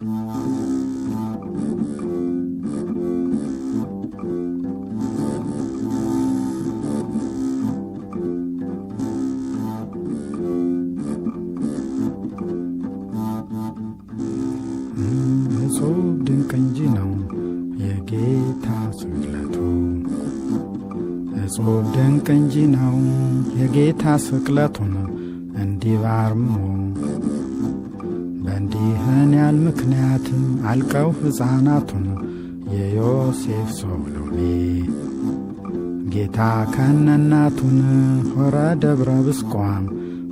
ድንቅ ነው እጹብ ድንቅ እንጂ ነው የጌታ ስቅለቱን እንዲባርሙ በእንዲህን ያል ምክንያት አልቀው ሕፃናቱን የዮሴፍ ሶሎሜ ጌታ ከነናቱን ሆረ ደብረ ብስቋም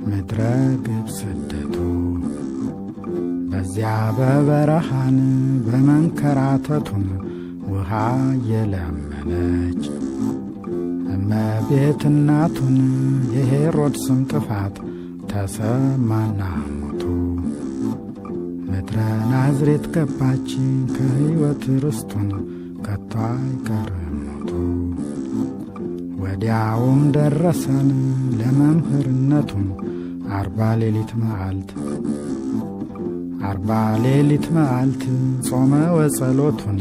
ምድረ ግብ ስደቱ በዚያ በበረሃን በመንከራተቱን ውሃ የለመነች እመቤትናቱን የሄሮድስም ጥፋት ተሰማናሙ ከናዝሬት ከባችን ከሕይወት ርስቱን ከቶ አይቀርም ወዲያውም ደረሰን ለመምህርነቱም አርባ ሌሊት መዓልት አርባ ሌሊት መዓልት ጾመ ወጸሎቱን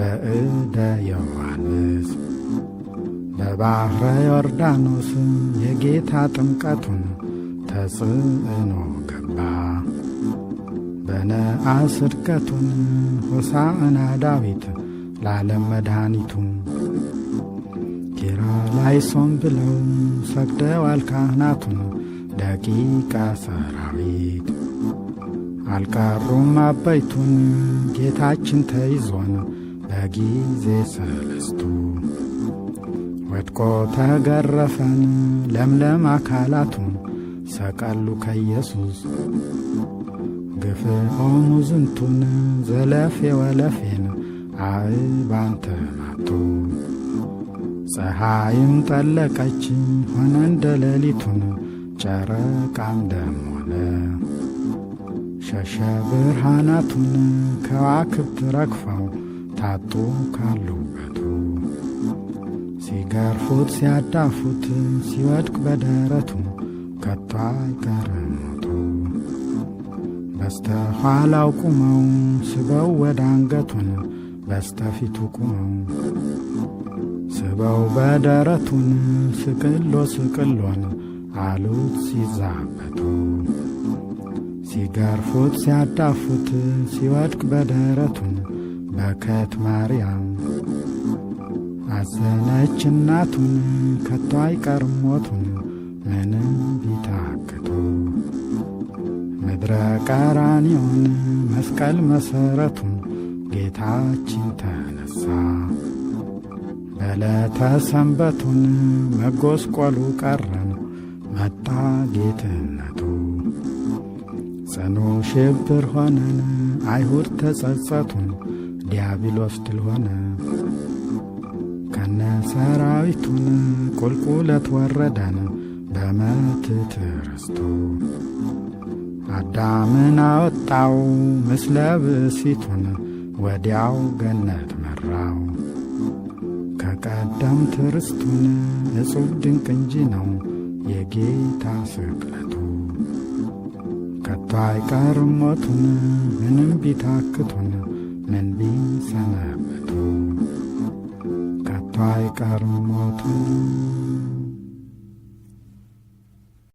በእደ ዮሐንስ በባሕረ ዮርዳኖስ የጌታ ጥምቀቱን ተጽዕኖ ገባ በነአስ ስድቀቱን ሆሳዕና ዳዊት ለዓለም መድኃኒቱ ኬራ ላይሶን ብለው ሰግደዋል ካህናቱን ደቂቃ ሰራዊት አልቀሩም አበይቱን ጌታችን ተይዞን በጊዜ ሰለስቱ ወድቆ ተገረፈን ለምለም አካላቱን ሰቀሉ ከኢየሱስ ግፍኦሙ ዝንቱን ዘለፌ ወለፌን አይ ባንተ ማቱ ፀሐይም ጠለቀች ሆነ እንደ ሌሊቱን ጨረቃም ሸሸ ብርሃናቱን ከዋክብት ረግፈው ታጡ ካሉበቱ ሲገርፉት ሲያዳፉት ሲወድቅ በደረቱ ከቷ አይቀርም በስተ ኋላው ቁመው ስበው ወደ አንገቱን በስተፊቱ ቁመው ስበው በደረቱን ስቅሎ ስቅሎን አሉት ሲዛበቱ ሲገርፉት ሲያዳፉት ሲወድቅ በደረቱን በከት ማርያም አዘነች እናቱን ከቶ አይቀርም እግረ ቀራንዮን መስቀል መሰረቱን ጌታችን ተነሳ። በለተ ሰንበቱን መጎስቆሉ ቀረን መጣ ጌትነቱ። ጽኑ ሽብር ሆነን አይሁድ ተጸጸቱን ዲያብሎስ ድል ሆነ። ከነ ሰራዊቱን ቁልቁለት ወረደን በመትት አዳምን አወጣው ምስለ ብእሲቱን ወዲያው ገነት መራው። ከቀደምት ርስቱን እጹብ ድንቅ እንጂ ነው የጌታ ስቅለቱ። ከቷይ ቀርሞቱን ምንም ቢታክቱን ምን ቢሰነበቱ ከቷይ ቀርሞቱን